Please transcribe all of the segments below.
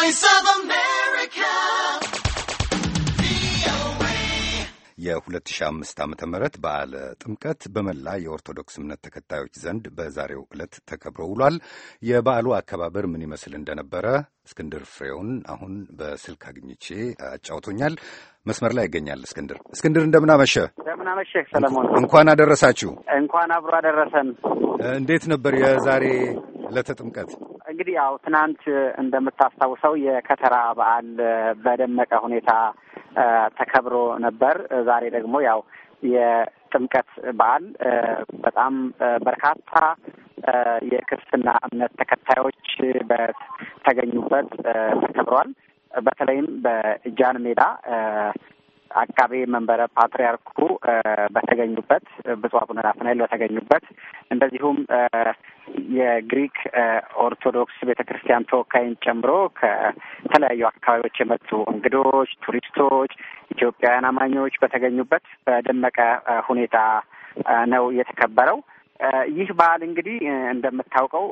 voice of America. የ2005 ዓ ም በዓለ ጥምቀት በመላ የኦርቶዶክስ እምነት ተከታዮች ዘንድ በዛሬው ዕለት ተከብሮ ውሏል። የበዓሉ አከባበር ምን ይመስል እንደነበረ እስክንድር ፍሬውን አሁን በስልክ አግኝቼ አጫውቶኛል። መስመር ላይ ይገኛል። እስክንድር እስክንድር፣ እንደምናመሸ እንደምናመሸ። ሰለሞን እንኳን አደረሳችሁ። እንኳን አብሮ አደረሰን። እንዴት ነበር የዛሬ ዕለተ ጥምቀት? እንግዲህ ያው ትናንት እንደምታስታውሰው የከተራ በዓል በደመቀ ሁኔታ ተከብሮ ነበር። ዛሬ ደግሞ ያው የጥምቀት በዓል በጣም በርካታ የክርስትና እምነት ተከታዮች በተገኙበት ተከብሯል። በተለይም በጃን ሜዳ አቃቤ መንበረ ፓትርያርኩ በተገኙበት ብፁዕ አቡነ ናትናኤል በተገኙበት እንደዚሁም የግሪክ ኦርቶዶክስ ቤተ ክርስቲያን ተወካይን ጨምሮ ከተለያዩ አካባቢዎች የመጡ እንግዶች፣ ቱሪስቶች፣ ኢትዮጵያውያን አማኞች በተገኙበት በደመቀ ሁኔታ ነው የተከበረው። ይህ በዓል እንግዲህ እንደምታውቀው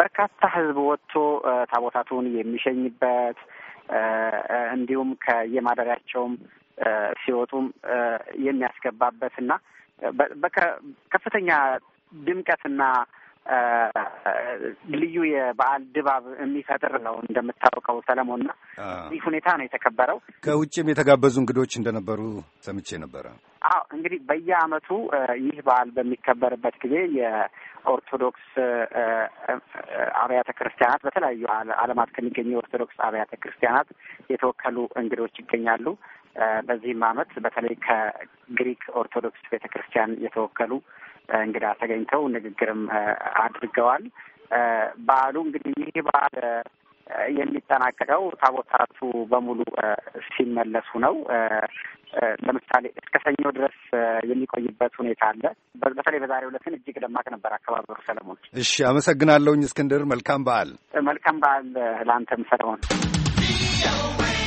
በርካታ ሕዝብ ወጥቶ ታቦታቱን የሚሸኝበት እንዲሁም ከየማደሪያቸውም ሲወጡም የሚያስገባበት እና ከፍተኛ ድምቀትና ልዩ የበዓል ድባብ የሚፈጥር ነው። እንደምታውቀው ና ይህ ሁኔታ ነው የተከበረው። ከውጭም የተጋበዙ እንግዶች እንደነበሩ ሰምቼ ነበረ። አዎ እንግዲህ በየዓመቱ ይህ በዓል በሚከበርበት ጊዜ የኦርቶዶክስ አብያተ ክርስቲያናት በተለያዩ ዓለማት ከሚገኙ የኦርቶዶክስ አብያተ ክርስቲያናት የተወከሉ እንግዶች ይገኛሉ። በዚህም አመት በተለይ ከግሪክ ኦርቶዶክስ ቤተ ክርስቲያን የተወከሉ እንግዳ ተገኝተው ንግግርም አድርገዋል። በዓሉ እንግዲህ ይህ በዓል የሚጠናቀቀው ታቦታቱ በሙሉ ሲመለሱ ነው። ለምሳሌ እስከ ሰኞ ድረስ የሚቆይበት ሁኔታ አለ። በተለይ በዛሬው ዕለት እጅግ ደማቅ ነበር አከባበሩ። ሰለሞን፣ እሺ፣ አመሰግናለሁኝ እስክንድር። መልካም በዓል። መልካም በዓል ለአንተም ሰለሞን።